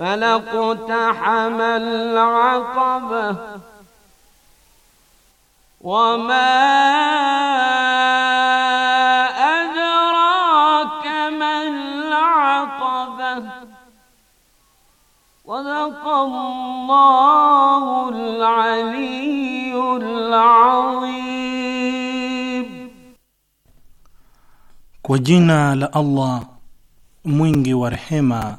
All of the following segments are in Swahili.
فلقتحم العقبة وما أدراك ما العقبة صدق الله العلي العظيم kwa لألله la allah wa rehema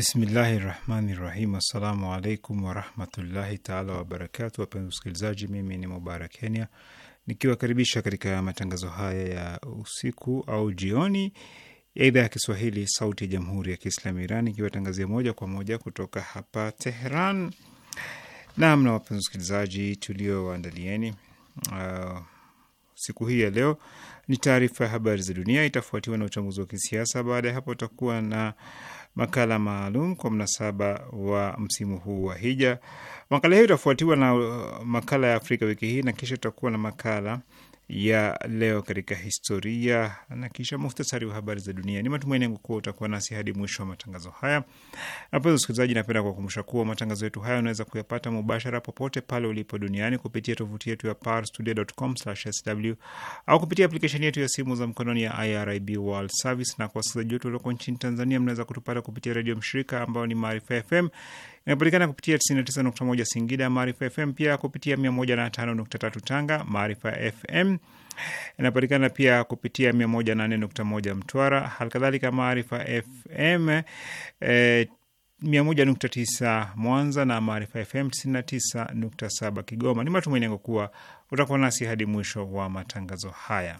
Bismillahi rahmani rahim. Assalamu alaikum warahmatullahi taala wabarakatu. Wapenzi wasikilizaji, mimi ni Mubarak Kenya nikiwakaribisha katika matangazo haya ya usiku au jioni ya idhaa ya Kiswahili sauti ya jamhuri ya Kiislamu Iran ikiwatangazia moja kwa moja kutoka hapa Tehran. Naam, na wapenzi wasikilizaji, tulioandalieni uh, siku hii ya leo ni taarifa ya habari za dunia, itafuatiwa na uchambuzi wa kisiasa. Baada ya hapo utakuwa na makala maalum kwa mnasaba wa msimu huu wa hija. Makala hiyo itafuatiwa na makala ya Afrika wiki hii na kisha tutakuwa na makala ya leo katika historia na kisha muhtasari wa habari za dunia. Ni matumaini yangu kuwa utakuwa nasi hadi mwisho wa matangazo haya. Napeza usikilizaji, napenda kuwakumbusha kuwa matangazo yetu haya unaweza kuyapata mubashara popote pale ulipo duniani kupitia tovuti yetu ya parstoday.com/sw au kupitia aplikesheni yetu ya simu za mkononi ya IRIB World Service, na kwa wasikilizaji wetu walioko nchini Tanzania, mnaweza kutupata kupitia redio mshirika ambayo ni Maarifa FM inapatikana kupitia 99.1 Singida, Maarifa FM pia kupitia 105.3 Tanga, Maarifa FM inapatikana pia kupitia 104.1 Mtwara, halikadhalika Maarifa FM e, 101.9 Mwanza na Maarifa FM 99.7 Kigoma. Ni matumaini yangu kuwa utakuwa nasi hadi mwisho wa matangazo haya.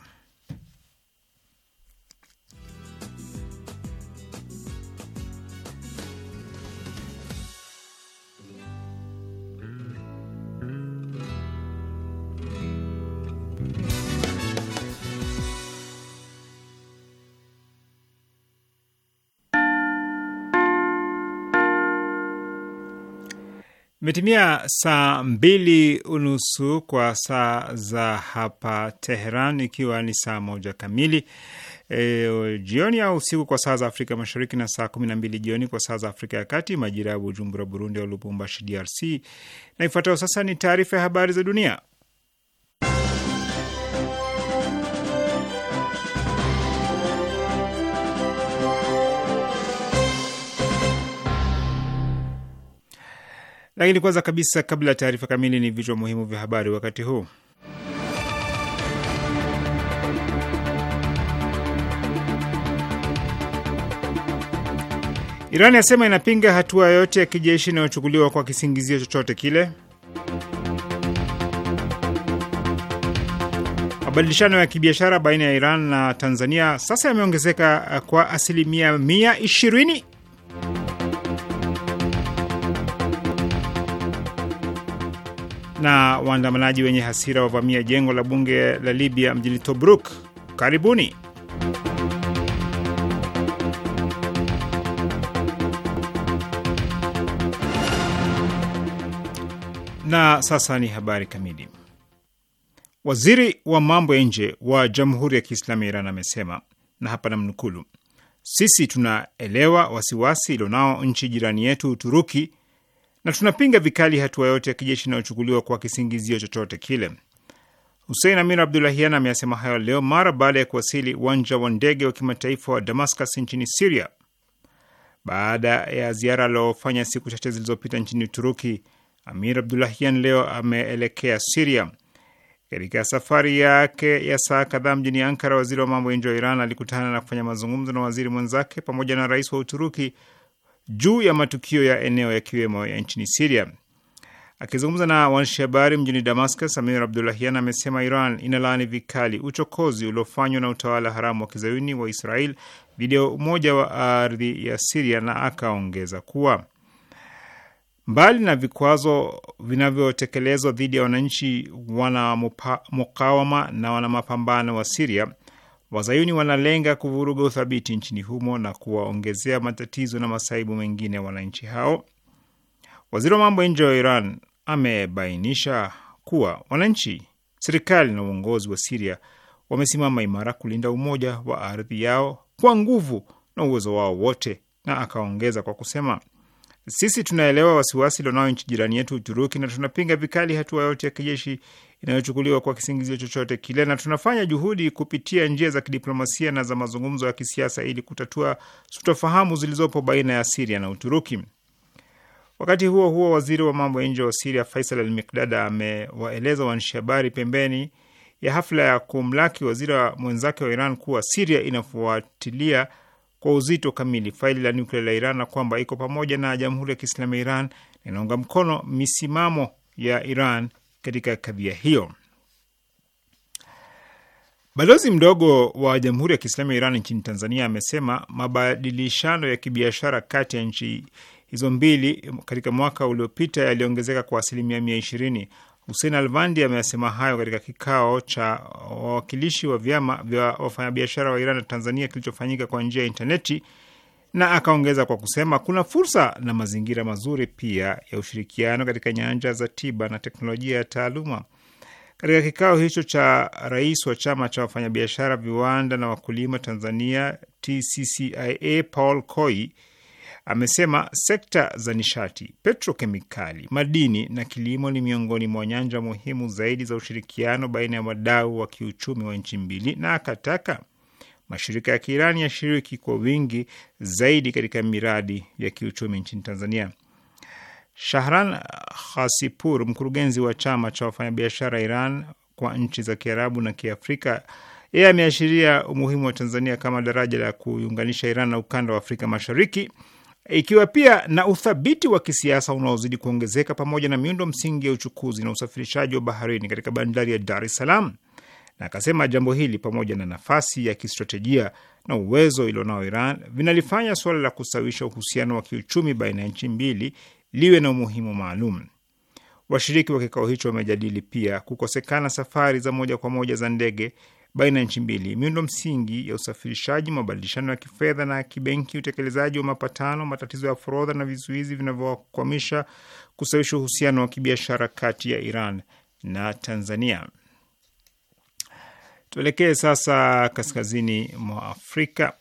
Imetimia saa mbili unusu kwa saa za hapa Teheran, ikiwa ni saa moja kamili e, jioni au usiku kwa saa za Afrika Mashariki na saa kumi na mbili jioni kwa saa za Afrika ya Kati, majira ya Bujumbura, Burundi, au Lubumbashi, DRC. Na ifuatayo sasa ni taarifa ya habari za dunia. Lakini kwanza kabisa, kabla ya taarifa kamili, ni vichwa muhimu vya habari wakati huu. Iran yasema inapinga hatua yoyote ya kijeshi inayochukuliwa kwa kisingizio chochote kile. Mabadilishano ya kibiashara baina ya Iran na Tanzania sasa yameongezeka kwa asilimia mia ishirini. na waandamanaji wenye hasira wavamia jengo la bunge la Libya mjini Tobruk. Karibuni. Na sasa ni habari kamili. Waziri wa mambo ya nje wa Jamhuri ya Kiislamu ya Iran amesema, na hapa namnukulu, sisi tunaelewa wasiwasi ilionao nchi jirani yetu Uturuki na tunapinga vikali hatua yote ya kijeshi inayochukuliwa kwa kisingizio chochote kile. Husein Amir Abdulahian ameyasema hayo leo mara baada ya kuwasili uwanja wa ndege wa kimataifa wa Damascus nchini Siria baada ya ziara aliofanya siku chache zilizopita nchini Uturuki. Amir Abdulahian leo ameelekea Siria. Katika safari yake ya saa kadhaa mjini Ankara, waziri wa mambo ya nje wa Iran alikutana na kufanya mazungumzo na waziri mwenzake pamoja na rais wa Uturuki juu ya matukio ya eneo yakiwemo ya nchini Siria. Akizungumza na waandishi habari mjini Damascus, Amir Abdulahian amesema Iran inalaani vikali uchokozi uliofanywa na utawala haramu wa kizayuni wa Israel dhidi ya umoja wa ardhi ya Siria, na akaongeza kuwa mbali na vikwazo vinavyotekelezwa dhidi ya wananchi wana mukawama na wana mapambano wa Siria, Wazayuni wanalenga kuvuruga uthabiti nchini humo na kuwaongezea matatizo na masaibu mengine wananchi hao. Waziri wa mambo ya nje wa Iran amebainisha kuwa wananchi, serikali na uongozi wa Siria wamesimama imara kulinda umoja wa ardhi yao kwa nguvu na uwezo wao wote, na akaongeza kwa kusema, sisi tunaelewa wasiwasi ilionayo nchi jirani yetu Uturuki, na tunapinga vikali hatua yote ya kijeshi inayochukuliwa kwa kisingizio chochote kile, na tunafanya juhudi kupitia njia za kidiplomasia na za mazungumzo ya kisiasa ili kutatua sitofahamu zilizopo baina ya Siria na Uturuki. Wakati huo huo, waziri wa mambo ya nje wa Siria Faisal Al Mikdada amewaeleza waandishi habari pembeni ya hafla ya kumlaki waziri wa mwenzake wa Iran kuwa Siria inafuatilia kwa uzito kamili faili la nuklia la Iran na kwamba iko pamoja na Jamhuri ya Kiislamu ya Iran na inaunga mkono misimamo ya Iran katika kadhia hiyo. Balozi mdogo wa Jamhuri ya Kiislamu ya Iran nchini Tanzania amesema mabadilishano ya kibiashara kati ya nchi hizo mbili katika mwaka uliopita yaliongezeka kwa asilimia mia ishirini. Hussein Alvandi ameasema hayo katika kikao cha wawakilishi wa vyama vya wafanyabiashara wa Iran na Tanzania kilichofanyika kwa njia ya intaneti na akaongeza kwa kusema kuna fursa na mazingira mazuri pia ya ushirikiano katika nyanja za tiba na teknolojia ya taaluma. Katika kikao hicho cha rais wa chama cha wafanyabiashara, viwanda na wakulima Tanzania TCCIA, Paul Koi amesema sekta za nishati, petrokemikali, madini na kilimo ni miongoni mwa nyanja muhimu zaidi za ushirikiano baina ya wadau wa kiuchumi wa nchi mbili, na akataka mashirika ya Kiirani yashiriki kwa wingi zaidi katika miradi ya kiuchumi nchini Tanzania. Shahran Khasipur, mkurugenzi wa chama cha wafanyabiashara Iran kwa nchi za Kiarabu na Kiafrika, yeye ameashiria umuhimu wa Tanzania kama daraja la kuiunganisha Iran na ukanda wa Afrika Mashariki, ikiwa pia na uthabiti wa kisiasa unaozidi kuongezeka pamoja na miundo msingi ya uchukuzi na usafirishaji wa baharini katika bandari ya Dar es Salaam na akasema jambo hili pamoja na nafasi ya kistratejia na uwezo ilionao Iran vinalifanya suala la kustawisha uhusiano wa kiuchumi baina ya nchi mbili liwe na umuhimu maalum. Washiriki wa kikao hicho wamejadili pia kukosekana safari za moja kwa moja za ndege baina ya nchi mbili, miundo msingi ya usafirishaji, mabadilishano ya kifedha na kibenki, utekelezaji wa mapatano, matatizo ya forodha na vizuizi vinavyokwamisha kustawisha uhusiano wa kibiashara kati ya Iran na Tanzania. Tuelekee sasa kaskazini mwa Afrika.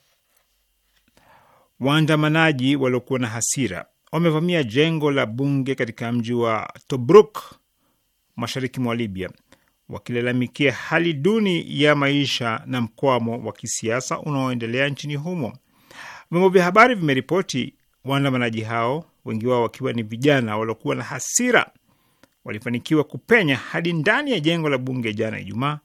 Waandamanaji waliokuwa na hasira wamevamia jengo la bunge katika mji wa Tobruk mashariki mwa Libya, wakilalamikia hali duni ya maisha na mkwamo wa kisiasa unaoendelea nchini humo. Vyombo vya habari vimeripoti waandamanaji hao, wengi wao wakiwa ni vijana waliokuwa na hasira, walifanikiwa kupenya hadi ndani ya jengo la bunge jana Ijumaa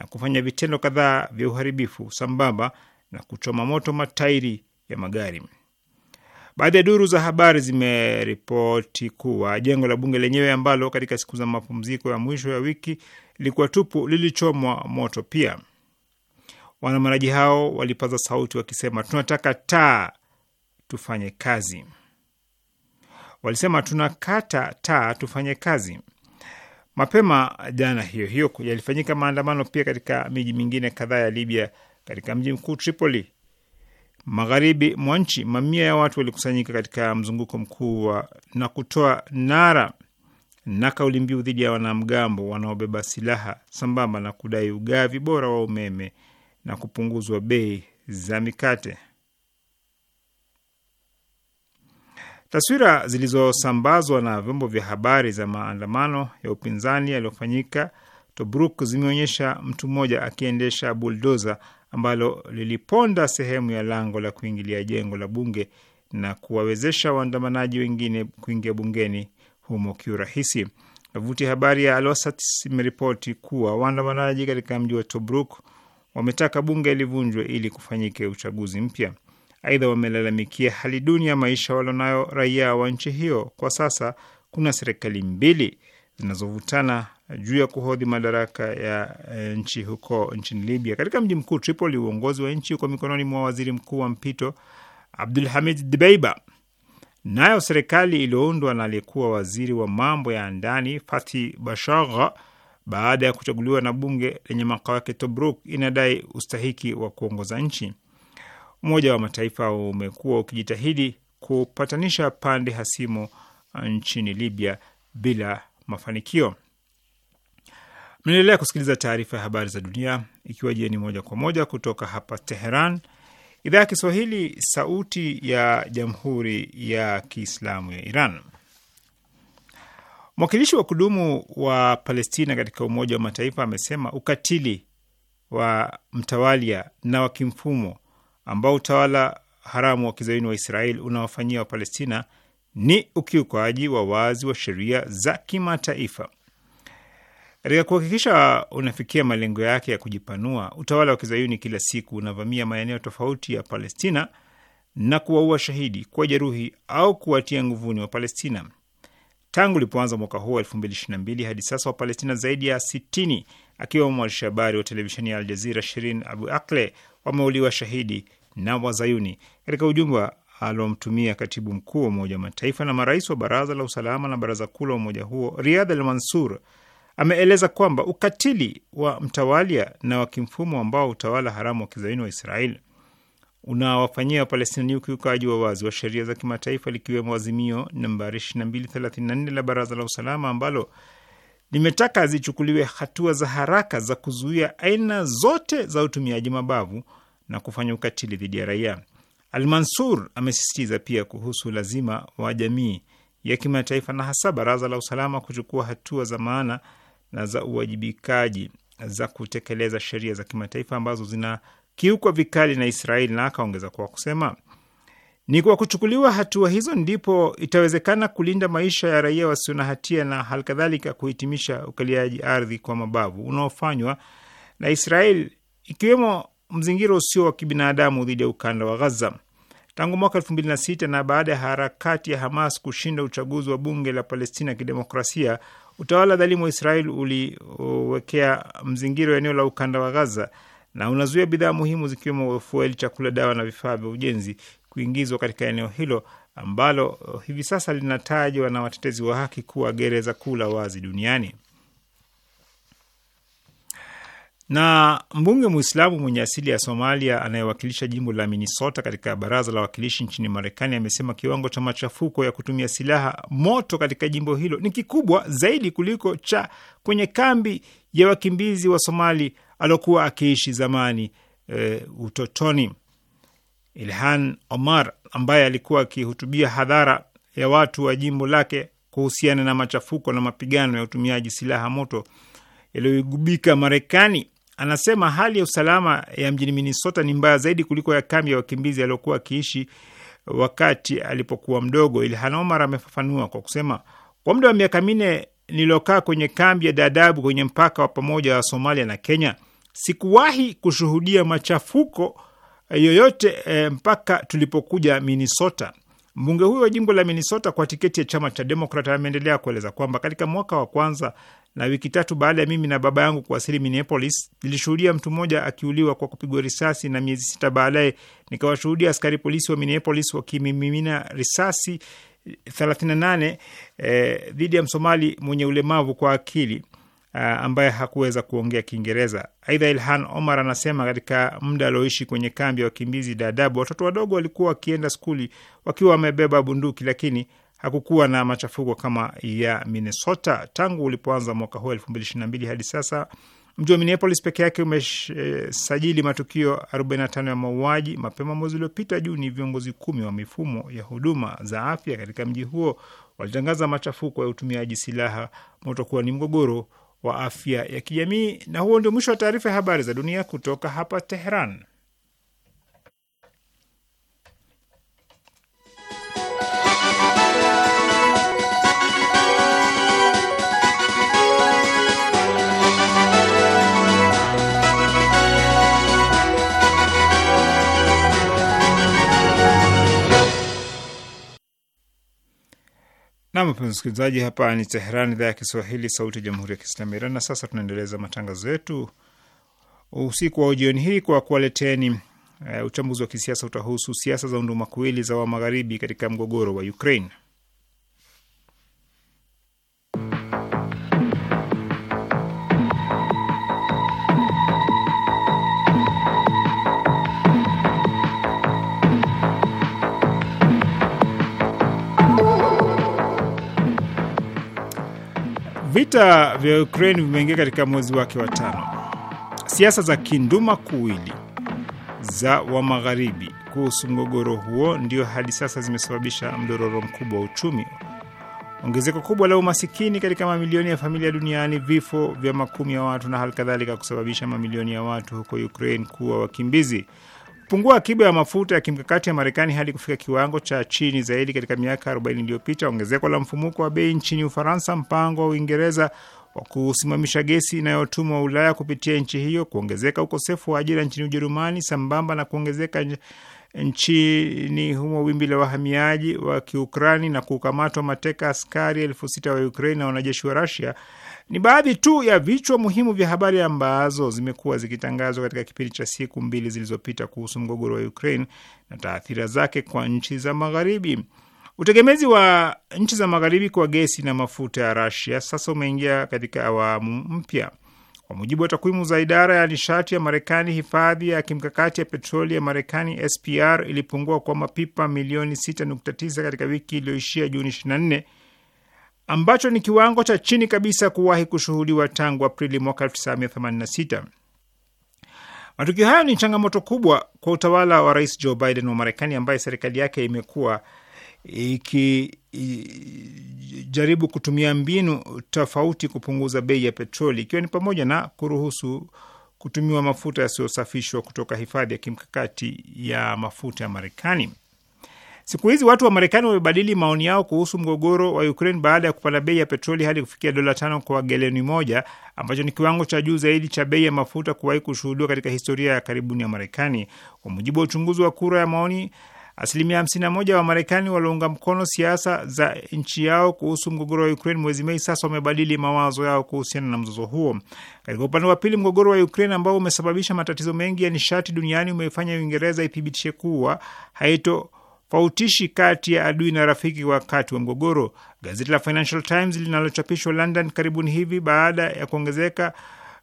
na kufanya vitendo kadhaa vya uharibifu sambamba na kuchoma moto matairi ya magari. Baadhi ya duru za habari zimeripoti kuwa jengo la bunge lenyewe ambalo katika siku za mapumziko ya mwisho ya wiki lilikuwa tupu lilichomwa moto pia. Waandamanaji hao walipaza sauti wakisema, tunataka taa tufanye kazi. Walisema tunakata taa tufanye kazi. Mapema jana hiyo hiyo yalifanyika maandamano pia katika miji mingine kadhaa ya Libya. Katika mji mkuu Tripoli, magharibi mwa nchi, mamia ya watu walikusanyika katika mzunguko mkuu wa na kutoa nara na kauli mbiu dhidi ya wanamgambo wanaobeba silaha sambamba na kudai ugavi bora wa umeme na kupunguzwa bei za mikate. Taswira zilizosambazwa na vyombo vya habari za maandamano ya upinzani yaliyofanyika Tobruk zimeonyesha mtu mmoja akiendesha buldoza ambalo liliponda sehemu ya lango la kuingilia jengo la bunge na kuwawezesha waandamanaji wengine kuingia bungeni humo kiurahisi. Tovuti ya habari ya Alosat imeripoti kuwa waandamanaji katika mji wa Tobruk wametaka bunge livunjwe ili kufanyike uchaguzi mpya. Aidha, wamelalamikia hali duni ya maisha walionayo raia wa nchi hiyo. Kwa sasa kuna serikali mbili zinazovutana juu ya kuhodhi madaraka ya eh, nchi huko nchini Libya. Katika mji mkuu Tripoli, uongozi wa nchi uko mikononi mwa waziri mkuu wa mpito Abdul Hamid Dbeiba. Nayo serikali iliyoundwa na aliyekuwa waziri wa mambo ya ndani Fathi Bashagha baada ya kuchaguliwa na bunge lenye makao yake Tobruk inadai ustahiki wa kuongoza nchi. Umoja wa Mataifa umekuwa ukijitahidi kupatanisha pande hasimu uh, nchini Libya bila mafanikio. Mnaendelea kusikiliza taarifa ya habari za dunia, ikiwa jieni moja kwa moja kutoka hapa Teheran, idhaa ya Kiswahili, sauti ya jamhuri ya kiislamu ya Iran. Mwakilishi wa kudumu wa Palestina katika Umoja wa Mataifa amesema ukatili wa mtawalia na wa kimfumo ambao utawala haramu wa kizayuni wa Israel unawafanyia Wapalestina ni ukiukaji wa wazi wa sheria za kimataifa. Katika kuhakikisha unafikia malengo yake ya kujipanua, utawala wa kizayuni kila siku unavamia maeneo tofauti ya Palestina na kuwaua shahidi, kuwajeruhi au kuwatia nguvuni wa Palestina. Tangu ulipoanza mwaka huu wa 2022 hadi sasa, Wapalestina zaidi ya 60 akiwemo mwandishi habari wa televisheni ya Aljazira Shirin Abu Akle wameuliwa shahidi na Wazayuni. Katika ujumbe alomtumia katibu mkuu wa Umoja wa Mataifa na marais wa Baraza la Usalama na Baraza Kuu la umoja huo, Riadh Al Mansur ameeleza kwamba ukatili wa mtawalia na wa kimfumo ambao utawala haramu wa kizayuni wa Israel unawafanyia Wapalestina ni ukiukaji wa wazi wa sheria za kimataifa, likiwemo azimio nambari 2234 la Baraza la Usalama ambalo limetaka zichukuliwe hatua za haraka za kuzuia aina zote za utumiaji mabavu na kufanya ukatili dhidi ya raia. Almansur amesisitiza pia kuhusu lazima wa jamii ya kimataifa na hasa Baraza la Usalama kuchukua hatua za maana na za uwajibikaji za kutekeleza sheria za kimataifa ambazo zinakiukwa vikali na Israeli, na akaongeza kwa kusema ni kwa kuchukuliwa hatua hizo ndipo itawezekana kulinda maisha ya raia wasio na hatia na halikadhalika kuhitimisha ukaliaji ardhi kwa mabavu unaofanywa na Israeli, ikiwemo mzingiro usio wa kibinadamu dhidi ya ukanda wa Gaza. Tangu mwaka elfu mbili na sita na baada ya harakati ya Hamas kushinda uchaguzi wa bunge la Palestina ya kidemokrasia, utawala dhalimu wa Israel uliwekea mzingiro eneo la ukanda wa Gaza na unazuia bidhaa muhimu zikiwemo fueli, chakula, dawa na vifaa vya ujenzi kuingizwa katika eneo hilo ambalo hivi sasa linatajwa na watetezi wa haki kuwa gereza kuu la wazi duniani. na mbunge Mwislamu mwenye asili ya Somalia anayewakilisha jimbo la Minnesota katika baraza la wakilishi nchini Marekani amesema kiwango cha machafuko ya kutumia silaha moto katika jimbo hilo ni kikubwa zaidi kuliko cha kwenye kambi ya wakimbizi wa Somali aliokuwa akiishi zamani e, utotoni. Ilhan Omar ambaye alikuwa akihutubia hadhara ya watu wa jimbo lake kuhusiana na machafuko na mapigano ya utumiaji silaha moto yaliyoigubika Marekani anasema hali ya usalama ya mjini Minnesota ni mbaya zaidi kuliko ya kambi ya wakimbizi aliokuwa akiishi wakati alipokuwa mdogo. Ilhan Omar amefafanua kwa kusema, kwa muda wa miaka minne niliokaa kwenye kambi ya dadabu kwenye mpaka wa pamoja wa Somalia na Kenya, sikuwahi kushuhudia machafuko yoyote e, mpaka tulipokuja Minnesota. Mbunge huyo wa jimbo la Minnesota kwa tiketi ya chama cha Demokrat ameendelea kueleza kwamba katika mwaka wa kwanza na wiki tatu baada ya mimi na baba yangu kuwasili Minneapolis, nilishuhudia mtu mmoja akiuliwa kwa kupigwa risasi, na miezi sita baadaye nikawashuhudia askari polisi wa Minneapolis wakimimina risasi 38 eh, dhidi ya Msomali mwenye ulemavu kwa akili Uh, ambaye hakuweza kuongea Kiingereza. Aidha, Ilhan Omar anasema katika muda alioishi kwenye kambi ya wakimbizi dadabu watoto wadogo walikuwa wakienda skuli wakiwa wamebeba bunduki, lakini hakukuwa na machafuko kama ya Minnesota. Tangu ulipoanza mwaka huu elfu mbili ishirini na mbili hadi sasa mji wa Minneapolis peke yake umesajili matukio 45 ya mauaji. Mapema mwezi uliopita Juni, viongozi kumi wa mifumo ya huduma za afya katika mji huo walitangaza machafuko ya utumiaji silaha moto kuwa ni mgogoro wa afya ya kijamii. Na huo ndio mwisho wa taarifa ya habari za dunia kutoka hapa Teheran. Nam, wapenzi msikilizaji, hapa ni Teheran, idhaa ya Kiswahili, sauti ya jamhuri ya kiislamu Iran. Na sasa tunaendeleza matangazo yetu usiku wa jioni hii kwa kuwaleteni e, uchambuzi wa kisiasa. Utahusu siasa za undumakuili za wa magharibi katika mgogoro wa Ukraine. Vita vya Ukraine vimeingia katika mwezi wake wa tano. Siasa za kinduma kuwili za wa magharibi kuhusu mgogoro huo ndio hadi sasa zimesababisha mdororo mkubwa wa uchumi, ongezeko kubwa la umasikini katika mamilioni ya familia duniani, vifo vya makumi ya watu na hali kadhalika, kusababisha mamilioni ya watu huko Ukraine kuwa wakimbizi kupungua akiba ya mafuta ya kimkakati ya Marekani hadi kufika kiwango cha chini zaidi katika miaka 40 iliyopita, ongezeko la mfumuko wa bei nchini Ufaransa, mpango wa Uingereza wa kusimamisha gesi inayotumwa Ulaya kupitia nchi hiyo, kuongezeka ukosefu wa ajira nchini Ujerumani sambamba na kuongezeka nchini humo wimbi la wahamiaji wa Kiukrani na kukamatwa mateka askari elfu sita wa Ukraini na wanajeshi wa rusia ni baadhi tu ya vichwa muhimu vya habari ambazo zimekuwa zikitangazwa katika kipindi cha siku mbili zilizopita kuhusu mgogoro wa Ukraine na taathira zake kwa nchi za Magharibi. Utegemezi wa nchi za Magharibi kwa gesi na mafuta ya Russia sasa umeingia katika awamu mpya. Kwa mujibu wa takwimu za idara ya nishati ya Marekani, hifadhi ya kimkakati ya petroli ya Marekani SPR ilipungua kwa mapipa milioni 6.9 katika wiki iliyoishia Juni 24 ambacho ni kiwango cha chini kabisa kuwahi kushuhudiwa tangu Aprili mwaka 1986. Matukio hayo ni changamoto kubwa kwa utawala wa Rais Joe Biden wa Marekani, ambaye serikali yake imekuwa ikijaribu kutumia mbinu tofauti kupunguza bei ya petroli, ikiwa ni pamoja na kuruhusu kutumiwa mafuta yasiyosafishwa kutoka hifadhi ya kimkakati ya mafuta ya Marekani. Siku hizi watu wa Marekani wamebadili maoni yao kuhusu mgogoro wa Ukraine baada ya kupanda bei ya petroli hadi kufikia dola tano kwa geleni moja, ambacho ni kiwango cha juu zaidi cha bei ya mafuta kuwahi kushuhudiwa katika historia ya karibuni ya Marekani. Kwa mujibu wa uchunguzi wa kura ya maoni, asilimia 51 wa Marekani waliounga mkono siasa za nchi yao kuhusu mgogoro wa Ukraine mwezi Mei sasa wamebadili mawazo yao kuhusiana na mzozo huo. Katika upande wa pili, mgogoro wa Ukraine ambao umesababisha matatizo mengi ya nishati duniani umeifanya Uingereza ithibitishe kuwa haito utishi kati ya adui na rafiki wakati wa mgogoro. Gazeti la Financial Times linalochapishwa London karibuni hivi baada ya kuongezeka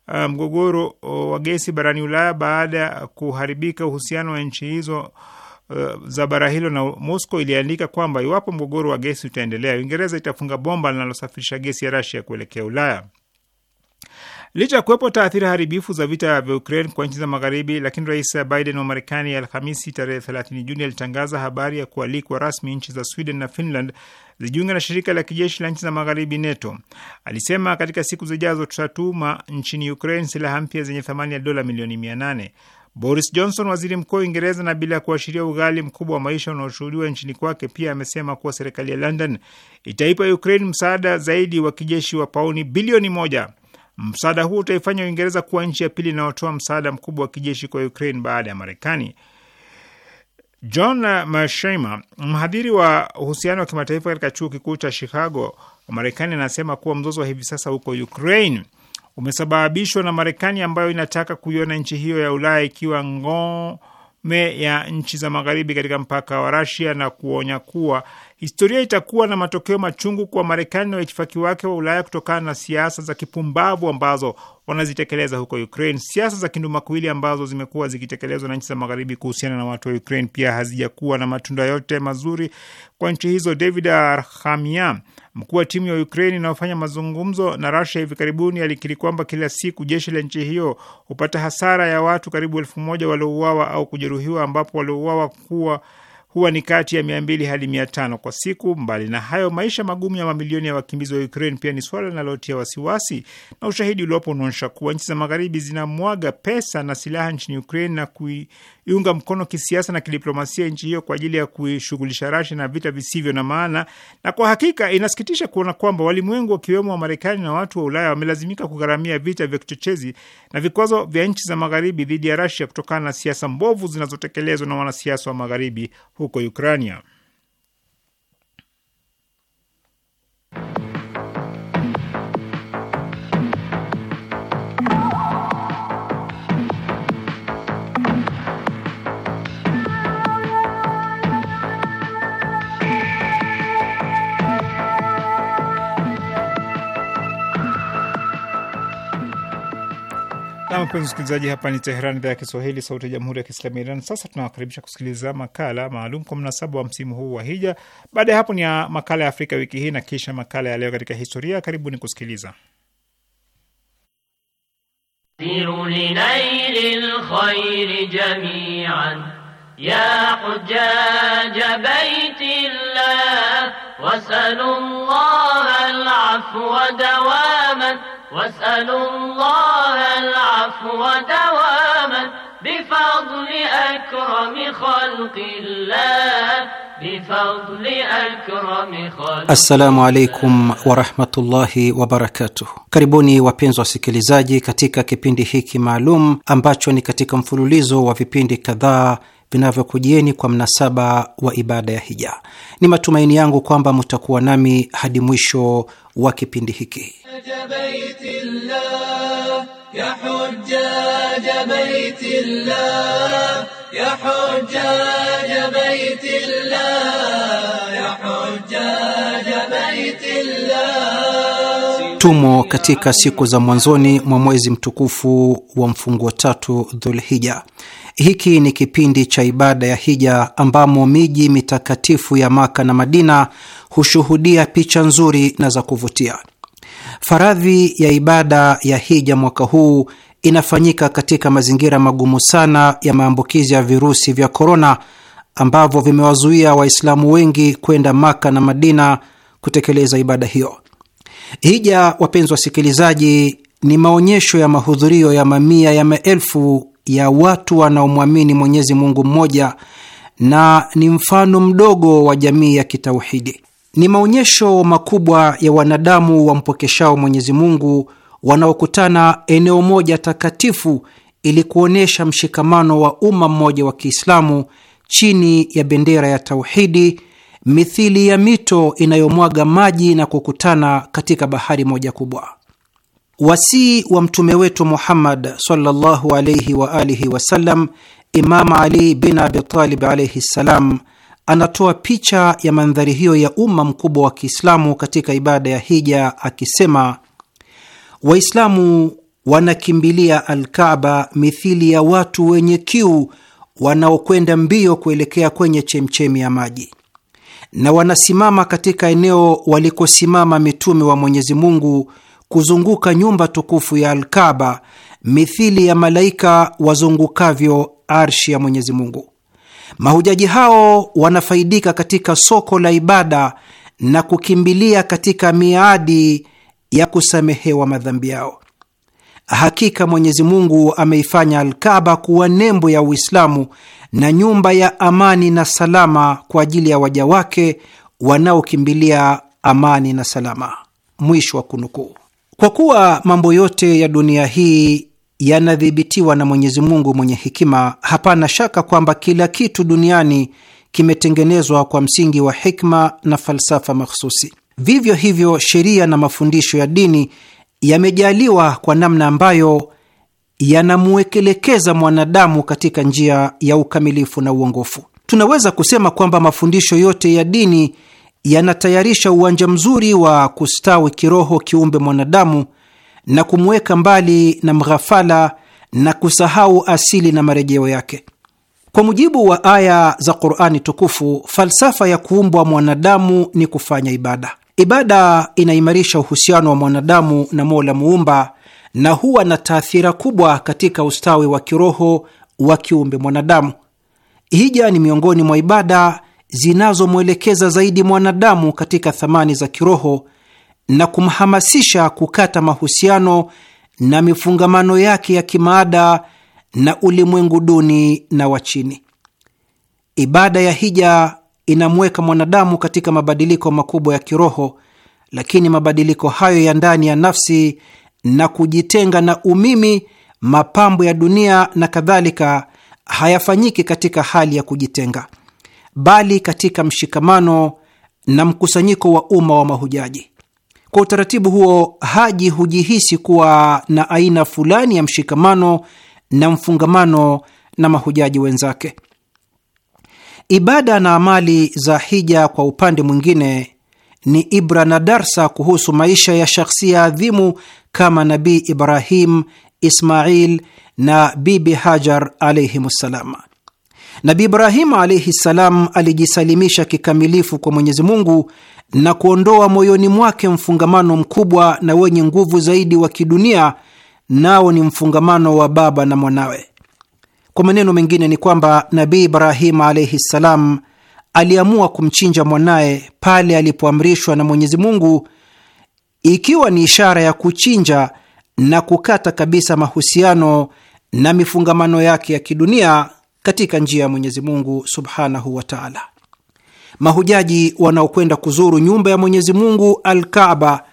uh, mgogoro uh, wa gesi barani Ulaya baada ya kuharibika uhusiano wa nchi hizo uh, za bara hilo na Moscow iliandika kwamba iwapo mgogoro wa gesi utaendelea, Uingereza itafunga bomba linalosafirisha gesi ya Russia kuelekea Ulaya. Licha ya kuwepo taathiri haribifu za vita vya Ukraine kwa nchi za Magharibi, lakini rais Biden wa Marekani Alhamisi tarehe 30 Juni alitangaza habari ya kualikwa rasmi nchi za Sweden na Finland zijiunge na shirika la kijeshi la nchi za Magharibi, NATO. Alisema katika siku zijazo, tutatuma nchini Ukraine silaha mpya zenye thamani ya dola milioni 800. Boris Johnson, waziri mkuu wa Uingereza, na bila kuashiria ughali mkubwa wa maisha unaoshuhudiwa nchini kwake, pia amesema kuwa serikali ya London itaipa Ukraine msaada zaidi wa kijeshi wa pauni bilioni moja Msaada huu utaifanya Uingereza kuwa nchi ya pili inayotoa msaada mkubwa wa kijeshi kwa Ukraine baada ya Marekani. John Mearsheimer, mhadhiri wa uhusiano wa kimataifa katika chuo kikuu cha Chicago, Marekani, anasema kuwa mzozo wa hivi sasa huko Ukraine umesababishwa na Marekani ambayo inataka kuiona nchi hiyo ya Ulaya ikiwa ngome ya nchi za magharibi katika mpaka wa Rasia na kuonya kuwa Historia itakuwa na matokeo machungu kwa Marekani na waitifaki wake wa Ulaya kutokana na siasa za kipumbavu ambazo wanazitekeleza huko Ukraine. Siasa za kindumakuwili ambazo zimekuwa zikitekelezwa na nchi za magharibi kuhusiana na watu wa Ukraine pia hazijakuwa na matunda yote mazuri kwa nchi hizo. David Arhamia, mkuu wa timu ya Ukraine inayofanya mazungumzo na Russia hivi karibuni, alikiri kwamba kila siku jeshi la nchi hiyo hupata hasara ya watu karibu elfu moja waliouawa au kujeruhiwa, ambapo waliouawa kuwa huwa ni kati ya mia mbili hadi mia tano kwa siku. Mbali na hayo, maisha magumu ya mamilioni ya wakimbizi wa Ukraine pia ni suala linalotia wasiwasi, na ushahidi uliopo unaonyesha kuwa nchi za Magharibi zinamwaga pesa na silaha nchini Ukraine na kui iunga mkono kisiasa na kidiplomasia nchi hiyo kwa ajili ya kuishughulisha Rasia na vita visivyo na maana. Na kwa hakika inasikitisha kuona kwamba walimwengu wakiwemo wa Marekani na watu wa Ulaya wamelazimika kugharamia vita vya kichochezi na vikwazo vya nchi za magharibi dhidi ya Rasia kutokana na siasa mbovu zinazotekelezwa na wanasiasa wa magharibi huko Ukrania. mpenzi msikilizaji, hapa ni Teheran, idhaa ya Kiswahili, sauti ya jamhuri ya kiislamu ya Iran. Sasa tunawakaribisha kusikiliza makala maalum kwa mnasaba wa msimu huu wa Hija. Baada ya hapo ni ya makala ya Afrika wiki hii na kisha makala ya leo katika historia. Karibuni kusikiliza. واسألوا الله العفو دواما واسألوا الله العفو دواما بفضل أكرم خلق الله بفضل أكرم خلق السلام عليكم ورحمة الله وبركاته Karibuni wapenzi wasikilizaji, katika kipindi hiki maalum ambacho ni katika mfululizo wa vipindi kadhaa vinavyokujieni kwa mnasaba wa ibada ya hija. Ni matumaini yangu kwamba mutakuwa nami hadi mwisho wa kipindi hiki. Tumo katika siku za mwanzoni mwa mwezi mtukufu wa mfunguo tatu Dhulhija. Hiki ni kipindi cha ibada ya hija ambamo miji mitakatifu ya Maka na Madina hushuhudia picha nzuri na za kuvutia. Faradhi ya ibada ya hija mwaka huu inafanyika katika mazingira magumu sana ya maambukizi ya virusi vya korona ambavyo vimewazuia Waislamu wengi kwenda Maka na Madina kutekeleza ibada hiyo. Hija, wapenzi wasikilizaji, ni maonyesho ya mahudhurio ya mamia ya maelfu ya watu wanaomwamini Mwenyezi Mungu mmoja na ni mfano mdogo wa jamii ya kitauhidi. Ni maonyesho makubwa ya wanadamu wampokeshao Mwenyezi Mungu wanaokutana eneo moja takatifu ili kuonyesha mshikamano wa umma mmoja wa Kiislamu chini ya bendera ya tauhidi, mithili ya mito inayomwaga maji na kukutana katika bahari moja kubwa. Wasii wa mtume wetu Muhammad sallallahu alayhi wa alihi wasallam, Imam Ali bin Abi Talib alayhi ssalam, anatoa picha ya mandhari hiyo ya umma mkubwa wa Kiislamu katika ibada ya hija akisema, Waislamu wanakimbilia alkaba mithili ya watu wenye kiu wanaokwenda mbio kuelekea kwenye chemchemi ya maji, na wanasimama katika eneo walikosimama mitume wa Mwenyezi Mungu kuzunguka nyumba tukufu ya Alkaba mithili ya malaika wazungukavyo arshi ya Mwenyezi Mungu. Mahujaji hao wanafaidika katika soko la ibada na kukimbilia katika miadi ya kusamehewa madhambi yao. Hakika Mwenyezi Mungu ameifanya Alkaba kuwa nembo ya Uislamu na nyumba ya amani na salama kwa ajili ya waja wake wanaokimbilia amani na salama. Mwisho wa kunukuu. Kwa kuwa mambo yote ya dunia hii yanadhibitiwa na Mwenyezi Mungu mwenye hikima, hapana shaka kwamba kila kitu duniani kimetengenezwa kwa msingi wa hikma na falsafa mahsusi. Vivyo hivyo, sheria na mafundisho ya dini yamejaliwa kwa namna ambayo yanamwekelekeza mwanadamu katika njia ya ukamilifu na uongofu. Tunaweza kusema kwamba mafundisho yote ya dini yanatayarisha uwanja mzuri wa kustawi kiroho kiumbe mwanadamu na kumweka mbali na mghafala na kusahau asili na marejeo yake. Kwa mujibu wa aya za Qur'ani tukufu, falsafa ya kuumbwa mwanadamu ni kufanya ibada. Ibada inaimarisha uhusiano wa mwanadamu na Mola muumba na huwa na taathira kubwa katika ustawi wa kiroho wa kiumbe mwanadamu. Hija ni miongoni mwa ibada zinazomwelekeza zaidi mwanadamu katika thamani za kiroho na kumhamasisha kukata mahusiano na mifungamano yake ya kimaada na ulimwengu duni na wa chini. Ibada ya hija inamweka mwanadamu katika mabadiliko makubwa ya kiroho, lakini mabadiliko hayo ya ndani ya nafsi na kujitenga na umimi, mapambo ya dunia na kadhalika hayafanyiki katika hali ya kujitenga bali katika mshikamano na mkusanyiko wa umma wa mahujaji. Kwa utaratibu huo, haji hujihisi kuwa na aina fulani ya mshikamano na mfungamano na mahujaji wenzake. Ibada na amali za hija, kwa upande mwingine, ni ibra na darsa kuhusu maisha ya shakhsia adhimu kama Nabii Ibrahim, Ismail na Bibi Hajar alaihimu ssalama. Nabi Ibrahimu alaihi ssalam alijisalimisha kikamilifu kwa Mwenyezi Mungu na kuondoa moyoni mwake mfungamano mkubwa na wenye nguvu zaidi wa kidunia, nao ni mfungamano wa baba na mwanawe. Kwa maneno mengine ni kwamba Nabi Ibrahimu alaihi ssalam aliamua kumchinja mwanaye pale alipoamrishwa na Mwenyezi Mungu, ikiwa ni ishara ya kuchinja na kukata kabisa mahusiano na mifungamano yake ya kidunia katika njia ya Mwenyezi Mungu subhanahu wa taala. Mahujaji wanaokwenda kuzuru nyumba ya Mwenyezi Mungu Alkaaba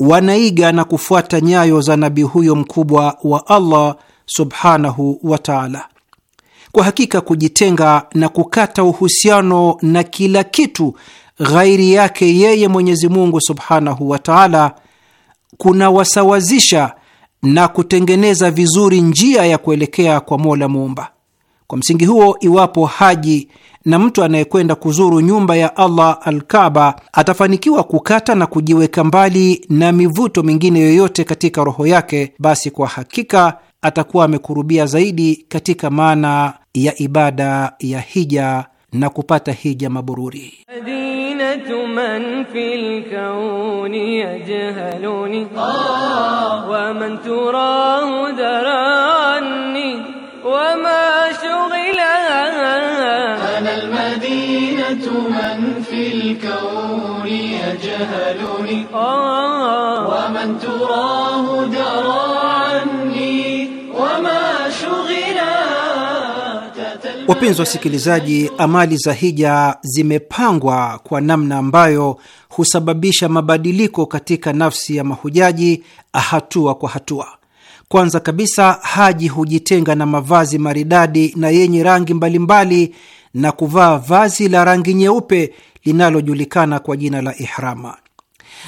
wanaiga na kufuata nyayo za nabii huyo mkubwa wa Allah subhanahu wa taala. Kwa hakika kujitenga na kukata uhusiano na kila kitu ghairi yake yeye Mwenyezi Mungu subhanahu wa taala kunawasawazisha na kutengeneza vizuri njia ya kuelekea kwa Mola Muumba. Kwa msingi huo, iwapo haji na mtu anayekwenda kuzuru nyumba ya Allah Alkaba atafanikiwa kukata na kujiweka mbali na mivuto mingine yoyote katika roho yake, basi kwa hakika atakuwa amekurubia zaidi katika maana ya ibada ya hija na kupata hija mabururi. من في الكون يجهلني ومن تراه درى عني وما شغلا Wapenzi wasikilizaji, amali za hija zimepangwa kwa namna ambayo husababisha mabadiliko katika nafsi ya mahujaji hatua kwa hatua. Kwanza kabisa, haji hujitenga na mavazi maridadi na yenye rangi mbalimbali na kuvaa vazi la rangi nyeupe linalojulikana kwa jina la ihrama.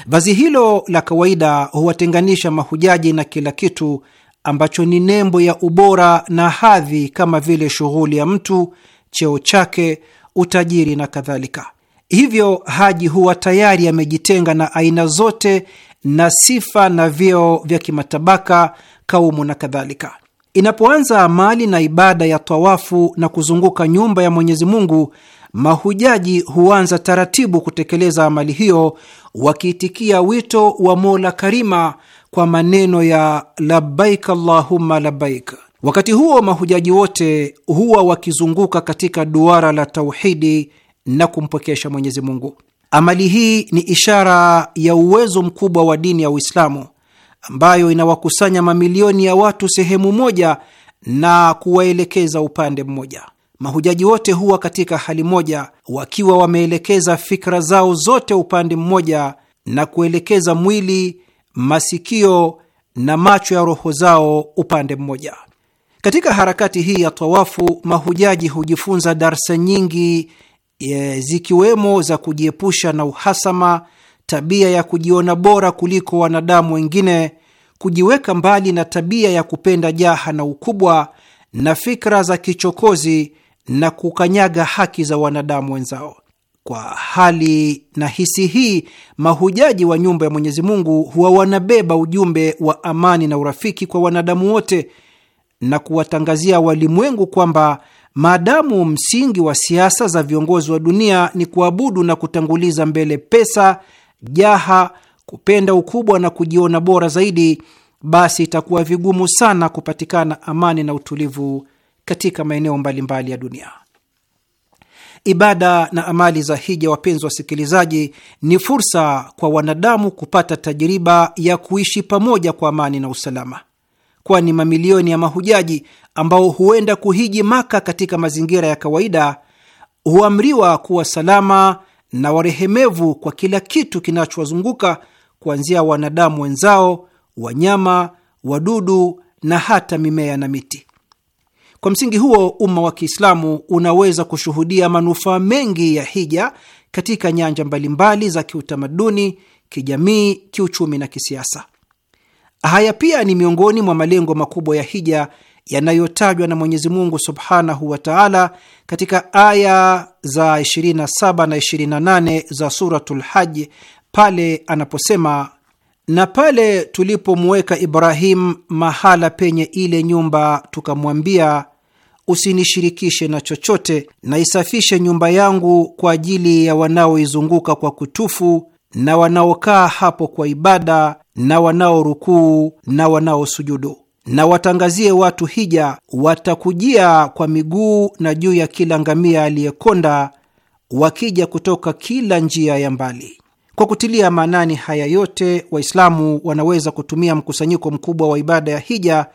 Vazi hilo la kawaida huwatenganisha mahujaji na kila kitu ambacho ni nembo ya ubora na hadhi, kama vile shughuli ya mtu, cheo chake, utajiri na kadhalika. Hivyo haji huwa tayari amejitenga na aina zote na sifa na vyeo vya kimatabaka, kaumu na kadhalika. Inapoanza amali na ibada ya tawafu na kuzunguka nyumba ya Mwenyezi Mungu, mahujaji huanza taratibu kutekeleza amali hiyo wakiitikia wito wa Mola Karima kwa maneno ya labbaik allahumma labbaik. Wakati huo mahujaji wote huwa wakizunguka katika duara la tauhidi na kumpokesha Mwenyezi Mungu. Amali hii ni ishara ya uwezo mkubwa wa dini ya Uislamu ambayo inawakusanya mamilioni ya watu sehemu moja na kuwaelekeza upande mmoja. Mahujaji wote huwa katika hali moja, wakiwa wameelekeza fikra zao zote upande mmoja na kuelekeza mwili, masikio na macho ya roho zao upande mmoja. Katika harakati hii ya tawafu, mahujaji hujifunza darsa nyingi e, zikiwemo za kujiepusha na uhasama tabia ya kujiona bora kuliko wanadamu wengine, kujiweka mbali na tabia ya kupenda jaha na ukubwa na fikra za kichokozi na kukanyaga haki za wanadamu wenzao. Kwa hali na hisi hii, mahujaji wa nyumba ya Mwenyezi Mungu huwa wanabeba ujumbe wa amani na urafiki kwa wanadamu wote na kuwatangazia walimwengu kwamba maadamu msingi wa siasa za viongozi wa dunia ni kuabudu na kutanguliza mbele pesa jaha, kupenda ukubwa na kujiona bora zaidi, basi itakuwa vigumu sana kupatikana amani na utulivu katika maeneo mbalimbali ya dunia. Ibada na amali za hija, wapenzi wasikilizaji, ni fursa kwa wanadamu kupata tajiriba ya kuishi pamoja kwa amani na usalama, kwani mamilioni ya mahujaji ambao huenda kuhiji Maka katika mazingira ya kawaida huamriwa kuwa salama na warehemevu kwa kila kitu kinachowazunguka kuanzia wanadamu wenzao, wanyama, wadudu na hata mimea na miti. Kwa msingi huo, umma wa Kiislamu unaweza kushuhudia manufaa mengi ya hija katika nyanja mbalimbali za kiutamaduni, kijamii, kiuchumi na kisiasa. Haya pia ni miongoni mwa malengo makubwa ya hija yanayotajwa na Mwenyezi Mungu subhanahu wa taala katika aya za 27 na 28 za Suratul Haj pale anaposema na pale tulipomweka Ibrahim mahala penye ile nyumba, tukamwambia usinishirikishe na chochote, na isafishe nyumba yangu kwa ajili ya wanaoizunguka kwa kutufu na wanaokaa hapo kwa ibada na wanaorukuu na wanaosujudu na watangazie watu hija, watakujia kwa miguu na juu ya kila ngamia aliyekonda, wakija kutoka kila njia ya mbali. Kwa kutilia maanani haya yote, Waislamu wanaweza kutumia mkusanyiko mkubwa wa ibada ya hija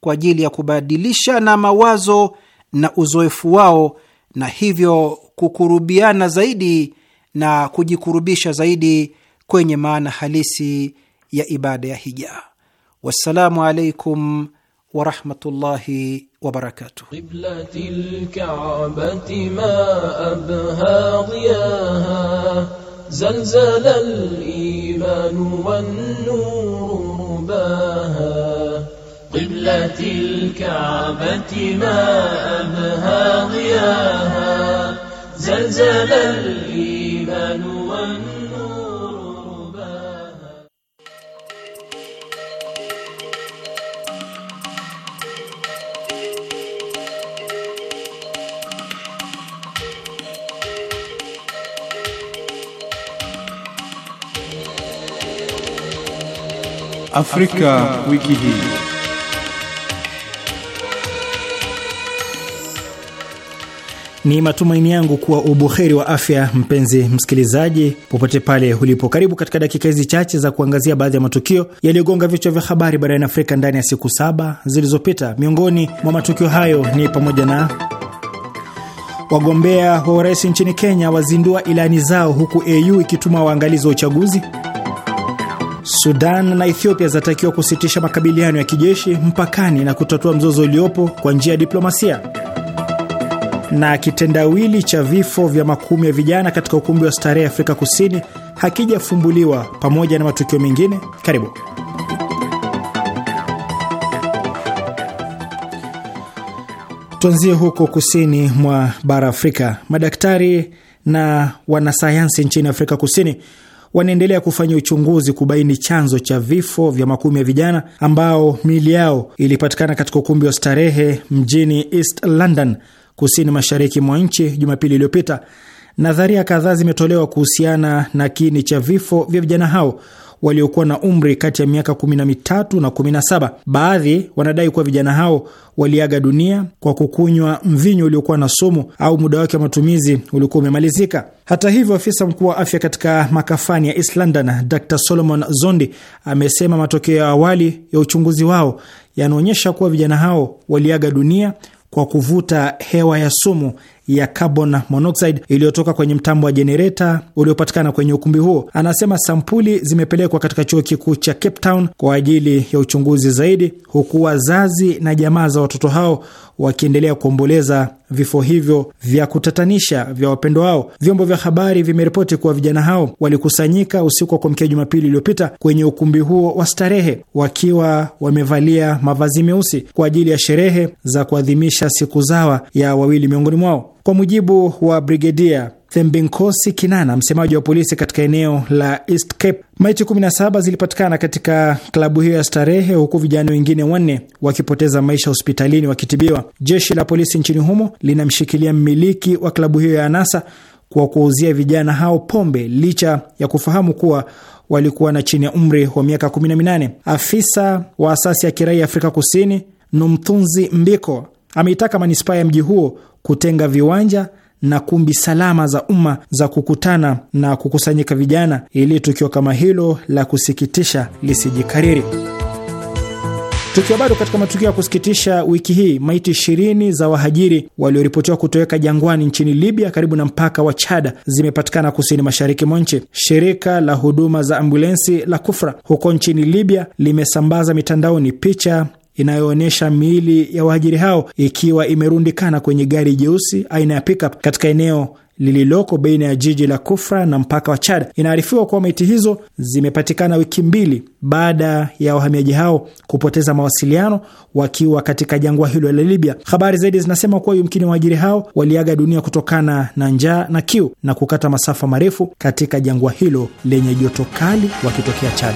kwa ajili ya kubadilishana mawazo na uzoefu wao na hivyo kukurubiana zaidi na kujikurubisha zaidi kwenye maana halisi ya ibada ya hija. والسلام عليكم ورحمة الله وبركاته قبلة الكعبة ما أبهى ضياها زلزل الإيمان والنور رباها قبلة الكعبة ما أبهى ضياها زلزل الإيمان والنور Afrika, wiki hii. Ni matumaini yangu kuwa ubuheri wa afya, mpenzi msikilizaji, popote pale ulipo. Karibu katika dakika hizi chache za kuangazia baadhi ya matukio yaliyogonga vichwa vya habari barani Afrika ndani ya siku saba zilizopita. Miongoni mwa matukio hayo ni pamoja na wagombea wa urais nchini Kenya wazindua ilani zao, huku AU ikituma waangalizi wa uchaguzi Sudan na Ethiopia zatakiwa kusitisha makabiliano ya kijeshi mpakani na kutatua mzozo uliopo kwa njia ya diplomasia. Na kitendawili cha vifo vya makumi ya vijana katika ukumbi wa starehe Afrika Kusini hakijafumbuliwa pamoja na matukio mengine. Karibu. Tuanzie huko kusini mwa bara Afrika. Madaktari na wanasayansi nchini Afrika Kusini wanaendelea kufanya uchunguzi kubaini chanzo cha vifo vya makumi ya vijana ambao miili yao ilipatikana katika ukumbi wa starehe mjini East London, kusini mashariki mwa nchi Jumapili iliyopita. Nadharia kadhaa zimetolewa kuhusiana na kini cha vifo vya vijana hao waliokuwa na umri kati ya miaka 13 na 17. Baadhi wanadai kuwa vijana hao waliaga dunia kwa kukunywa mvinyo uliokuwa na sumu au muda wake wa matumizi ulikuwa umemalizika. Hata hivyo, afisa mkuu wa afya katika makafani ya East London Dr Solomon Zondi amesema matokeo ya awali ya uchunguzi wao yanaonyesha kuwa vijana hao waliaga dunia kwa kuvuta hewa ya sumu ya carbon monoxide iliyotoka kwenye mtambo wa jenereta uliopatikana kwenye ukumbi huo. Anasema sampuli zimepelekwa katika chuo kikuu cha Cape Town kwa ajili ya uchunguzi zaidi, huku wazazi na jamaa za watoto hao wakiendelea kuomboleza vifo hivyo vya kutatanisha vya wapendo wao. Vyombo vya habari vimeripoti kuwa vijana hao walikusanyika usiku wa kuamkia Jumapili iliyopita kwenye ukumbi huo wa starehe wakiwa wamevalia mavazi meusi kwa ajili ya sherehe za kuadhimisha siku zawa ya wawili miongoni mwao. Kwa mujibu wa Brigedia Thembinkosi Kinana, msemaji wa polisi katika eneo la East Cape, maiti 17 zilipatikana katika klabu hiyo ya starehe, huku vijana wengine wanne wakipoteza maisha hospitalini wakitibiwa. Jeshi la polisi nchini humo linamshikilia mmiliki wa klabu hiyo ya anasa kwa kuwauzia vijana hao pombe licha ya kufahamu kuwa walikuwa na chini ya umri wa miaka 18. Afisa wa asasi ya kiraia Afrika Kusini Nomthunzi Mbiko ameitaka manispaa ya mji huo kutenga viwanja na kumbi salama za umma za kukutana na kukusanyika vijana ili tukio kama hilo la kusikitisha lisijikariri. Tukiwa bado katika matukio ya kusikitisha, wiki hii maiti ishirini za wahajiri walioripotiwa kutoweka jangwani nchini Libya karibu na mpaka wa Chada zimepatikana kusini mashariki mwa nchi. Shirika la huduma za ambulensi la Kufra huko nchini Libya limesambaza mitandaoni picha inayoonyesha miili ya wahajiri hao ikiwa imerundikana kwenye gari jeusi aina ya pickup katika eneo lililoko baina ya jiji la Kufra na mpaka wa Chad. Inaarifiwa kuwa maiti hizo zimepatikana wiki mbili baada ya wahamiaji hao kupoteza mawasiliano wakiwa katika jangwa hilo la Libya. Habari zaidi zinasema kuwa yumkini waajiri hao waliaga dunia kutokana na njaa na kiu na kukata masafa marefu katika jangwa hilo lenye joto kali wakitokea Chad.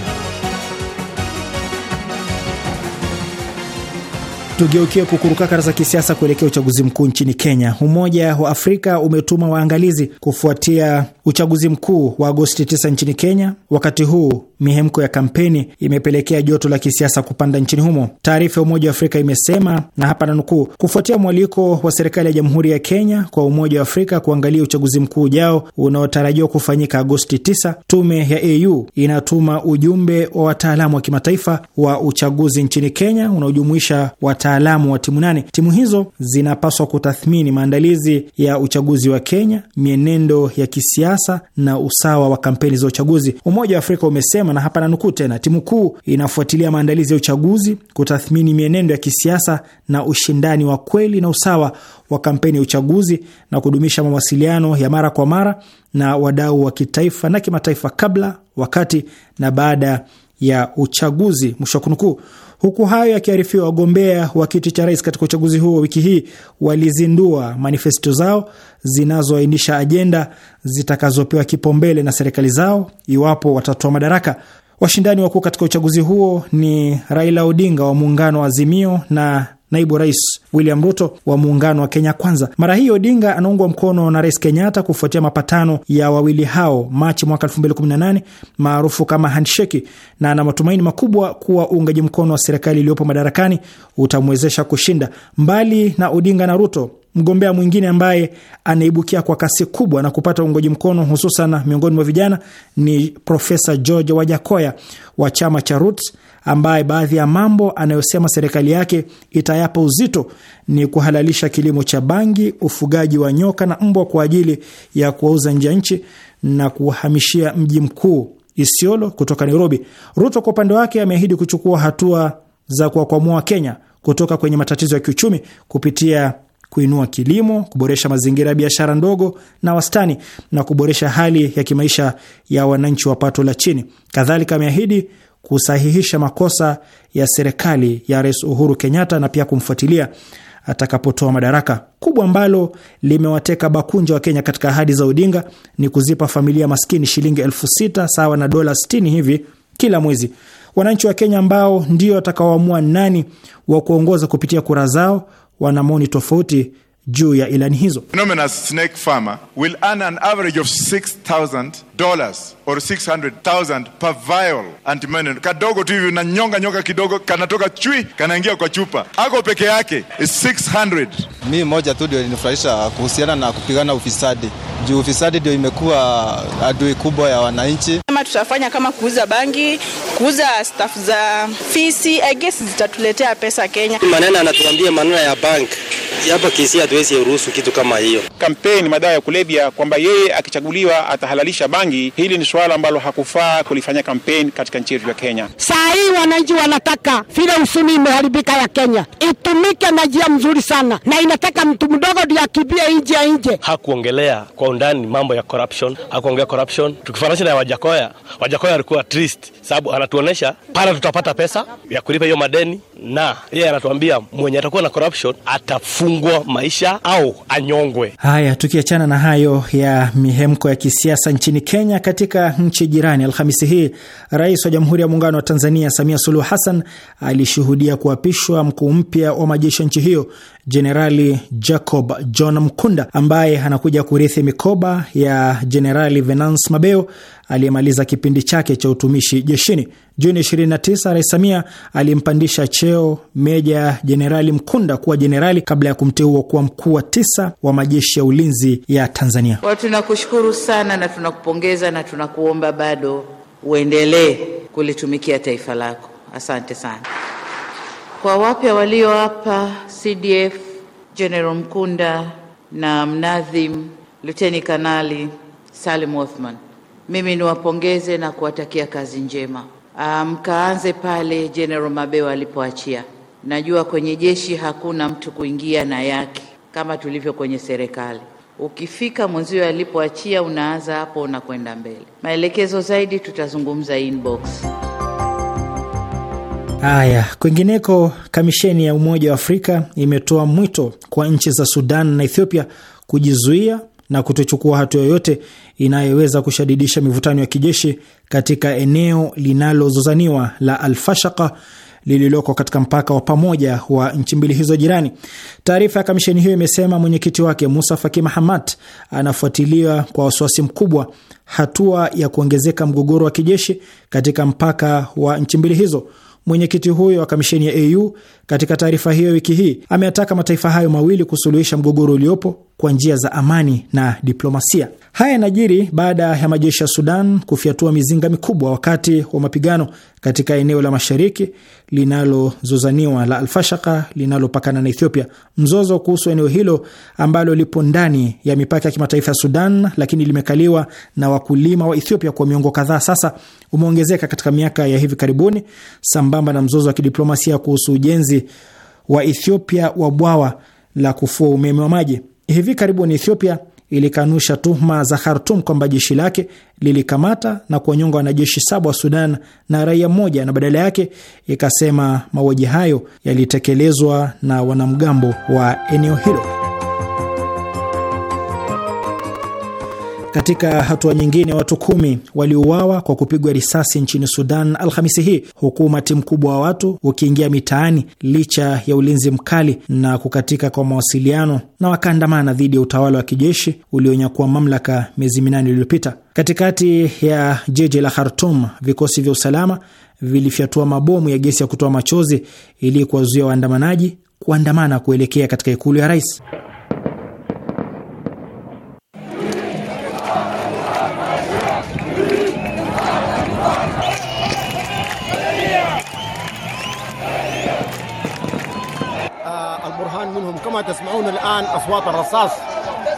Tugeukie kukurukakara za kisiasa kuelekea uchaguzi mkuu nchini Kenya. Umoja wa Afrika umetuma waangalizi kufuatia uchaguzi mkuu wa Agosti 9 nchini Kenya, wakati huu mihemko ya kampeni imepelekea joto la kisiasa kupanda nchini humo. Taarifa ya Umoja wa Afrika imesema na hapa nukuu, kufuatia mwaliko wa serikali ya Jamhuri ya Kenya kwa Umoja wa Afrika kuangalia uchaguzi mkuu ujao unaotarajiwa kufanyika Agosti 9, tume ya AU inatuma ujumbe wa wataalamu wa kimataifa wa uchaguzi nchini Kenya unaojumuisha wata wataalamu wa timu nane. Timu hizo zinapaswa kutathmini maandalizi ya uchaguzi wa Kenya, mienendo ya kisiasa na usawa wa kampeni za uchaguzi. Umoja wa Afrika umesema, na hapa nanukuu tena, timu kuu inafuatilia maandalizi ya uchaguzi, kutathmini mienendo ya kisiasa na ushindani wa kweli na usawa wa kampeni ya uchaguzi na kudumisha mawasiliano ya mara kwa mara na wadau wa kitaifa na kimataifa kabla, wakati na baada ya uchaguzi, mwisho wa kunukuu. Huku hayo yakiarifiwa, wagombea wa kiti cha rais katika uchaguzi huo wa wiki hii walizindua manifesto zao zinazoainisha ajenda zitakazopewa kipaumbele na serikali zao iwapo watatoa madaraka. Washindani wakuu katika uchaguzi huo ni Raila Odinga wa muungano wa Azimio na naibu rais William Ruto wa muungano wa Kenya Kwanza. Mara hii Odinga anaungwa mkono na rais Kenyatta kufuatia mapatano ya wawili hao Machi mwaka 2018 maarufu kama hansheki na ana matumaini makubwa kuwa uungaji mkono wa serikali iliyopo madarakani utamwezesha kushinda. Mbali na Odinga na Ruto, Mgombea mwingine ambaye anaibukia kwa kasi kubwa na kupata uungoji mkono hususan miongoni mwa vijana ni Profesa George Wajakoya wa chama cha Roots, ambaye baadhi ya mambo anayosema serikali yake itayapa uzito ni kuhalalisha kilimo cha bangi, ufugaji wa nyoka na mbwa kwa ajili ya kuwauza nje ya nchi na kuhamishia mji mkuu Isiolo kutoka Nairobi. Ruto kwa upande wake ameahidi kuchukua hatua za kuwakwamua Kenya kutoka kwenye matatizo ya kiuchumi kupitia kuinua kilimo, kuboresha mazingira ya biashara ndogo na wastani na kuboresha hali ya kimaisha ya wananchi wa pato la chini. Kadhalika ameahidi kusahihisha makosa ya serikali ya Rais Uhuru Kenyatta na pia kumfuatilia atakapotoa madaraka. Kubwa ambalo limewateka bakunja wa Kenya katika ahadi za Odinga ni kuzipa familia maskini shilingi elfu sita sawa na dola 60 hivi kila mwezi. Wananchi wa Kenya ambao ndio watakaoamua nani wa kuongoza kupitia kura zao wana maoni tofauti juu ya ilani hizo. Phenomenon snake farmer will earn an average of 6000 dollars or 600,000 per vial antimalarial. Kadogo tu hivi na nyonga kidogo, kanatoka chui kanaingia kwa chupa, ako peke yake 600. Mi moja tu ndio ilinifurahisha kuhusiana na kupigana ufisadi, juu ufisadi ndio imekuwa adui kubwa ya wananchi. Kama tutafanya kama kuuza bangi, kuuza staff za fisi, I guess zitatuletea pesa Kenya. Maneno anatuambia maneno ya bank hapa Kisii hatuwezi ruhusu kitu kama hiyo. Kampeni madawa ya kulevya kwamba yeye akichaguliwa atahalalisha bangi wengi, hili ni suala ambalo hakufaa kulifanya kampeni katika nchi yetu ya Kenya. Saa hii wananchi wanataka vile usuni imeharibika ya Kenya itumike na njia mzuri sana, na inataka mtu mdogo ndio akibie nje ya nje. Hakuongelea kwa undani mambo ya corruption, hakuongelea corruption tukifananisha na Wajakoya. Wajakoya alikuwa trist, sababu anatuonesha pale tutapata pesa ya kulipa hiyo madeni, na yeye anatuambia mwenye atakuwa na corruption atafungwa maisha au anyongwe. Haya, tukiachana na hayo ya mihemko ya kisiasa nchini Kenya Kenya katika nchi jirani. Alhamisi hii rais wa Jamhuri ya Muungano wa Tanzania Samia Suluhu Hassan alishuhudia kuapishwa mkuu mpya wa majeshi ya nchi hiyo Jenerali Jacob John Mkunda ambaye anakuja kurithi mikoba ya Jenerali Venance Mabeo aliyemaliza kipindi chake cha utumishi jeshini. Juni 29 Rais Samia alimpandisha cheo Meja Jenerali Mkunda kuwa jenerali kabla ya kumteua kuwa mkuu wa tisa wa majeshi ya ulinzi ya Tanzania. Kwa tunakushukuru sana na tunakupongeza na tunakuomba bado uendelee kulitumikia taifa lako. Asante sana. Kwa wapya walio hapa, CDF General Mkunda na mnadhim Luteni Kanali Salim Othman, mimi niwapongeze na kuwatakia kazi njema. Ah, mkaanze um, pale General mabeo alipoachia. Najua kwenye jeshi hakuna mtu kuingia na yake kama tulivyo kwenye serikali. Ukifika mwenzio alipoachia, unaanza hapo, unakwenda mbele. Maelekezo zaidi tutazungumza inbox. Haya, kwingineko, kamisheni ya Umoja wa Afrika imetoa mwito kwa nchi za Sudan na Ethiopia kujizuia na kutochukua hatua yoyote inayoweza kushadidisha mivutano ya kijeshi katika eneo linalozozaniwa la Alfashaka lililoko katika mpaka wa pamoja wa nchi mbili hizo jirani. Taarifa ya kamisheni hiyo imesema mwenyekiti wake Musa Faki Mahamat anafuatilia kwa wasiwasi mkubwa hatua ya kuongezeka mgogoro wa kijeshi katika mpaka wa nchi mbili hizo. Mwenyekiti huyo wa kamisheni ya AU katika taarifa hiyo wiki hii ameyataka mataifa hayo mawili kusuluhisha mgogoro uliopo kwa njia za amani na diplomasia. Haya yanajiri baada ya majeshi ya Sudan kufyatua mizinga mikubwa wakati wa mapigano katika eneo la mashariki linalozozaniwa la Alfashaka linalopakana na Ethiopia. Mzozo kuhusu eneo hilo ambalo lipo ndani ya mipaka ya kimataifa ya Sudan lakini limekaliwa na wakulima wa Ethiopia kwa miongo kadhaa sasa, umeongezeka katika miaka ya hivi karibuni, sambamba na mzozo wa kidiplomasia kuhusu ujenzi wa Ethiopia wa bwawa la kufua umeme wa maji. Hivi karibuni Ethiopia ilikanusha tuhuma za Khartum kwamba jeshi lake lilikamata na kuwanyonga wanajeshi saba wa Sudan na raia mmoja, na badala yake ikasema mauaji hayo yalitekelezwa na wanamgambo wa eneo hilo. Katika hatua nyingine, watu kumi waliuawa kwa kupigwa risasi nchini Sudan Alhamisi hii huku umati mkubwa wa watu ukiingia mitaani licha ya ulinzi mkali na kukatika kwa mawasiliano, na wakaandamana dhidi ya utawala wa kijeshi ulionyakua mamlaka miezi minane iliyopita. Katikati ya jiji la Khartum, vikosi vya usalama vilifyatua mabomu ya gesi ya kutoa machozi ili kuwazuia waandamanaji kuandamana kuelekea katika ikulu ya rais. تسمعون الآن أصوات الرصاص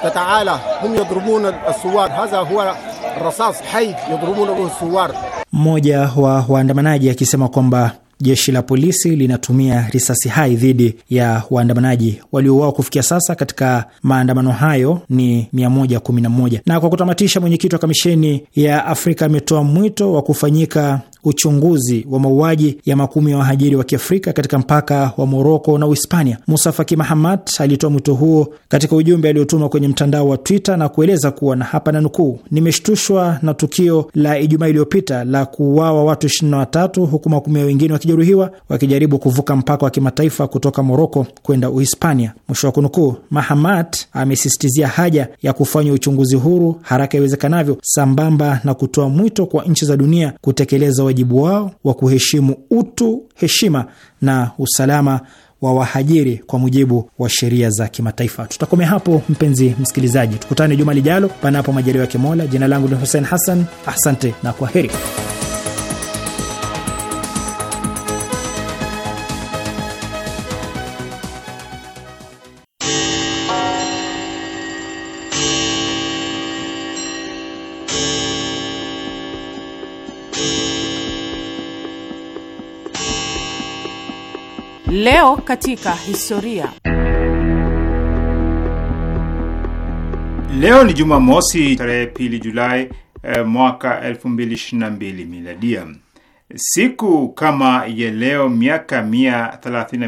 تتعالى هم يضربون الثوار هذا هو الرصاص حي يضربون به الثوار. Mmoja wa waandamanaji akisema kwamba jeshi la polisi linatumia risasi hai dhidi ya waandamanaji. Waliouawa kufikia sasa katika maandamano hayo ni 111. Na kwa kutamatisha, mwenyekiti wa kamisheni ya Afrika ametoa mwito wa kufanyika uchunguzi wa mauaji ya makumi ya wahajiri wa Kiafrika katika mpaka wa Moroko na Uhispania. Musa Faki Mahamat alitoa mwito huo katika ujumbe aliotuma kwenye mtandao wa Twitter na kueleza kuwa, na hapa na nukuu, nimeshtushwa na tukio la Ijumaa iliyopita la kuuawa watu 23 huku makumi ya wengine wakijeruhiwa wakijaribu kuvuka mpaka wa kimataifa kutoka Moroko kwenda Uhispania, mwisho wa kunukuu. Mahamat amesisitizia haja ya kufanywa uchunguzi huru haraka iwezekanavyo, sambamba na kutoa mwito kwa nchi za dunia kutekeleza wajibu wao wa kuheshimu utu, heshima na usalama wa wahajiri kwa mujibu wa sheria za kimataifa. Tutakomea hapo mpenzi msikilizaji, tukutane juma lijalo, panapo majaliwa ya Mola. Jina langu ni Hussein Hassan, asante na kwa heri. Leo katika historia. Leo ni Jumamosi tarehe pili Julai eh, mwaka 2022 miladia. Siku kama ya leo miaka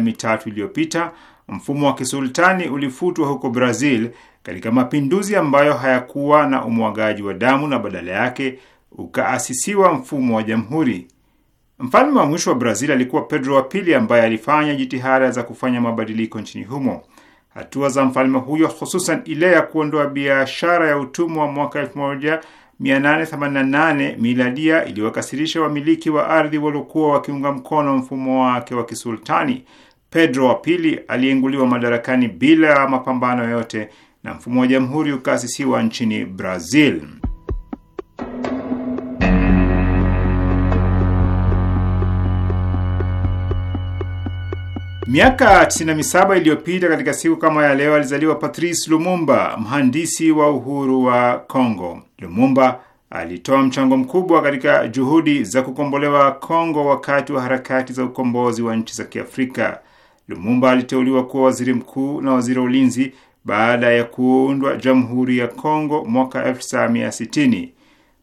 mitatu iliyopita mfumo wa kisultani ulifutwa huko Brazil katika mapinduzi ambayo hayakuwa na umwagaji wa damu na badala yake ukaasisiwa mfumo wa jamhuri. Mfalme wa mwisho wa Brazil alikuwa Pedro wa Pili, ambaye alifanya jitihada za kufanya mabadiliko nchini humo. Hatua za mfalme huyo, hususan ile ya kuondoa biashara ya utumwa wa mwaka 1888 miladia, iliwakasirisha wamiliki wa ardhi waliokuwa wakiunga mkono mfumo wake wa kisultani. Pedro wa Pili aliinguliwa madarakani bila mapambano yote na mfumo wa jamhuri ukasisiwa nchini Brazil. Miaka 97 iliyopita katika siku kama ya leo alizaliwa Patrice Lumumba, mhandisi wa uhuru wa Kongo. Lumumba alitoa mchango mkubwa katika juhudi za kukombolewa Kongo wakati wa harakati za ukombozi wa nchi za Kiafrika. Lumumba aliteuliwa kuwa waziri mkuu na waziri wa ulinzi baada ya kuundwa Jamhuri ya Kongo mwaka 1960.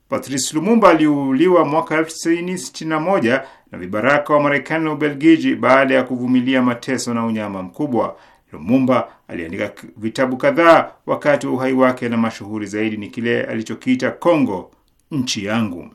Patrice Lumumba aliuliwa mwaka 1961 na vibaraka wa Marekani na Ubelgiji baada ya kuvumilia mateso na unyama mkubwa. Lumumba aliandika vitabu kadhaa wakati wa uhai wake na mashuhuri zaidi ni kile alichokiita Kongo nchi yangu.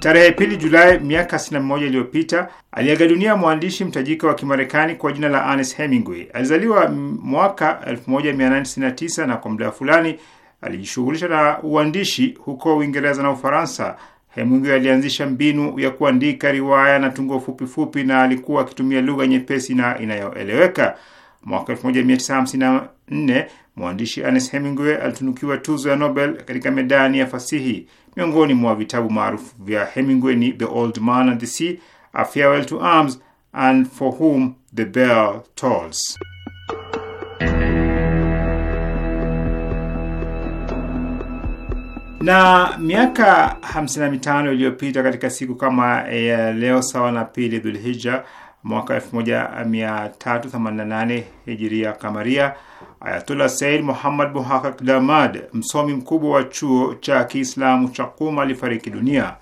Tarehe pili Julai miaka 61 iliyopita aliaga dunia mwandishi mtajika wa Kimarekani kwa jina la Ernest Hemingway. Alizaliwa mwaka 1899 na kwa muda fulani alijishughulisha na uandishi huko Uingereza na Ufaransa. Hemingway alianzisha mbinu ya kuandika riwaya na tungo fupi fupi na alikuwa akitumia lugha nyepesi na inayoeleweka. Mwaka 1954 mwandishi Ernest Hemingway alitunukiwa tuzo ya Nobel katika medani ya fasihi. Miongoni mwa vitabu maarufu vya Hemingway ni The Old Man and the Sea, A Farewell to Arms and For Whom the Bell Tolls. Na miaka 55 iliyopita katika siku kama eh, ya leo, sawa na pili Dhulhija mwaka 1388 hijiria kamaria, Ayatullah Said Muhammad Muhaqaq Damad, msomi mkubwa wa chuo cha Kiislamu cha Qum, alifariki dunia.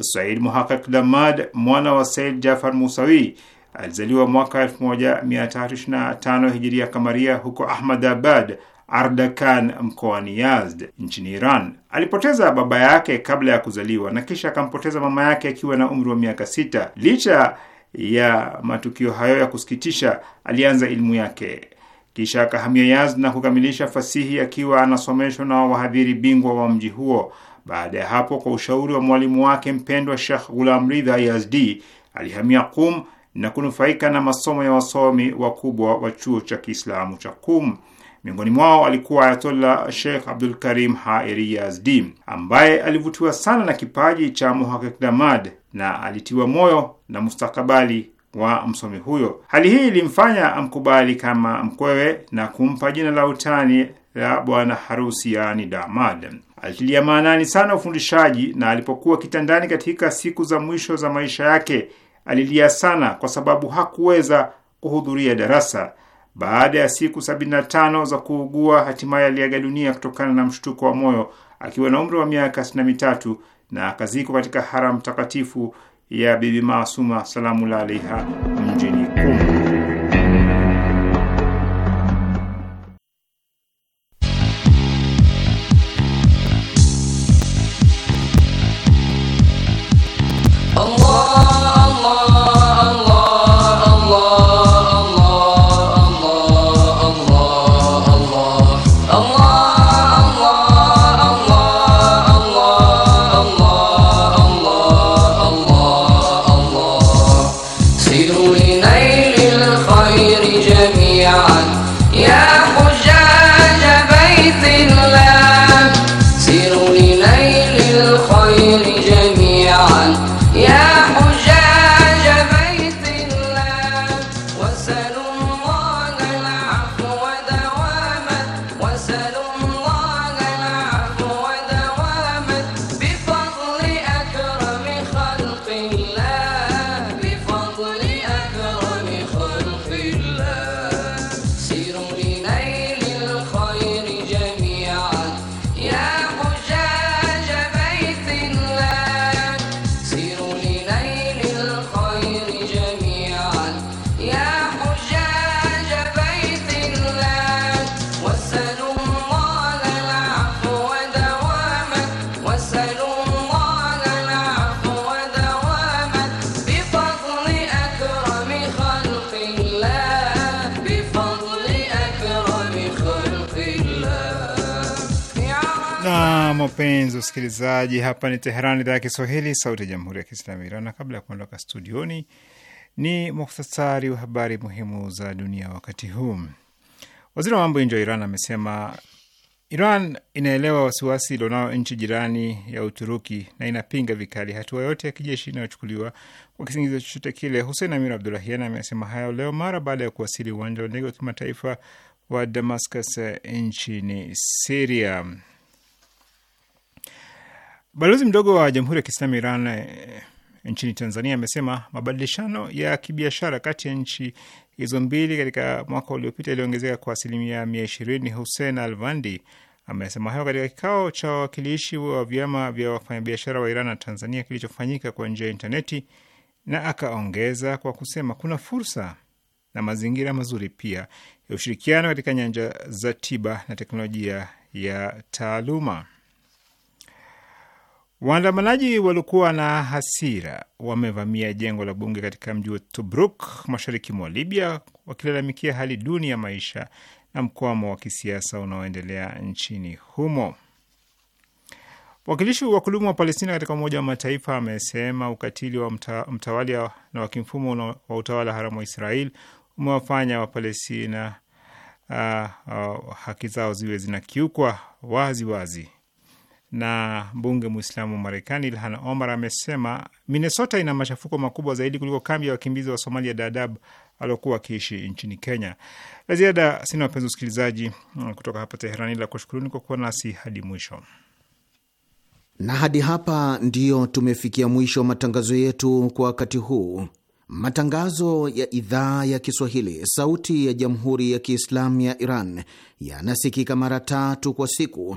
Said muhaqiq Damad, mwana wa Said Jafar Musawi, alizaliwa mwaka 1325 hijiria kamaria huko Ahmadabad, Ardakan mkoani Yazd nchini Iran. Alipoteza baba yake kabla ya kuzaliwa na kisha akampoteza mama yake akiwa na umri wa miaka sita. Licha ya matukio hayo ya kusikitisha, alianza elimu yake kisha akahamia Yazd na kukamilisha fasihi akiwa anasomeshwa na wahadhiri bingwa wa mji huo. Baada ya hapo, kwa ushauri wa mwalimu wake mpendwa Shekh Ghulam Ridha Yazdi, alihamia Qum na kunufaika na masomo ya wasomi wakubwa wa chuo cha Kiislamu cha Qum. Miongoni mwao alikuwa Ayatollah Sheikh Abdul Karim Haeri Yazdi ambaye alivutiwa sana na kipaji cha Muhakik Damad na alitiwa moyo na mustakabali wa msomi huyo. Hali hii ilimfanya amkubali kama mkwewe na kumpa jina la utani la bwana harusi, yaani Damad. Alitilia maanani sana ufundishaji, na alipokuwa kitandani katika siku za mwisho za maisha yake alilia sana, kwa sababu hakuweza kuhudhuria darasa. Baada ya siku 75 za kuugua, hatimaye aliaga dunia kutokana na mshtuko wa moyo akiwa na umri wa miaka sitini na mitatu na akazikwa katika haram takatifu ya Bibi Maasuma salamu alaiha mjini kumu msikilizaji, hapa ni Teheran, idhaa ya Kiswahili, sauti ya jamhuri ya kiislamu Iran. Na kabla ya kuondoka studioni, ni muhtasari wa habari muhimu za dunia wakati huu. Waziri wa mambo ya nje wa Iran amesema Iran inaelewa wasiwasi ilionao nchi jirani ya Uturuki na inapinga vikali hatua yote ya kijeshi inayochukuliwa kwa kisingizio chochote kile. Husein Amir Abdulahian amesema hayo leo mara baada ya kuwasili uwanja wa ndege wa kimataifa wa Damascus eh, nchini Siria. Balozi mdogo wa Jamhuri ya Kiislamu Iran eh, nchini Tanzania amesema mabadilishano ya kibiashara kati ya nchi hizo mbili katika mwaka uliopita iliongezeka kwa asilimia mia ishirini. Hussein Alvandi amesema hayo katika kikao cha wawakilishi wa vyama vya wafanyabiashara wa Iran na Tanzania kilichofanyika kwa njia ya intaneti, na akaongeza kwa kusema kuna fursa na mazingira mazuri pia ya ushirikiano katika nyanja za tiba na teknolojia ya taaluma. Waandamanaji waliokuwa na hasira wamevamia jengo la bunge katika mji wa Tobruk mashariki mwa Libya, wakilalamikia hali duni ya maisha na mkwamo wa kisiasa unaoendelea nchini humo. Wakilishi wa kudumu wa Palestina katika Umoja wa Mataifa amesema ukatili wa mta, mtawalia na wa kimfumo wa utawala haramu wa Israel umewafanya Wapalestina uh, uh, haki zao ziwe zinakiukwa waziwazi wazi na mbunge mwislamu wa Marekani Ilhan Omar amesema Minnesota ina machafuko makubwa zaidi kuliko kambi ya wakimbizi wa Somalia Dadaab aliokuwa akiishi nchini Kenya. La ziada sina, wapenzi usikilizaji, mm, kutoka hapa Teherani la kushukuruni kwa kuwa nasi hadi mwisho. Na hadi hapa ndiyo tumefikia mwisho wa matangazo yetu kwa wakati huu. Matangazo ya idhaa ya Kiswahili sauti ya jamhuri ya Kiislamu ya Iran yanasikika mara tatu kwa siku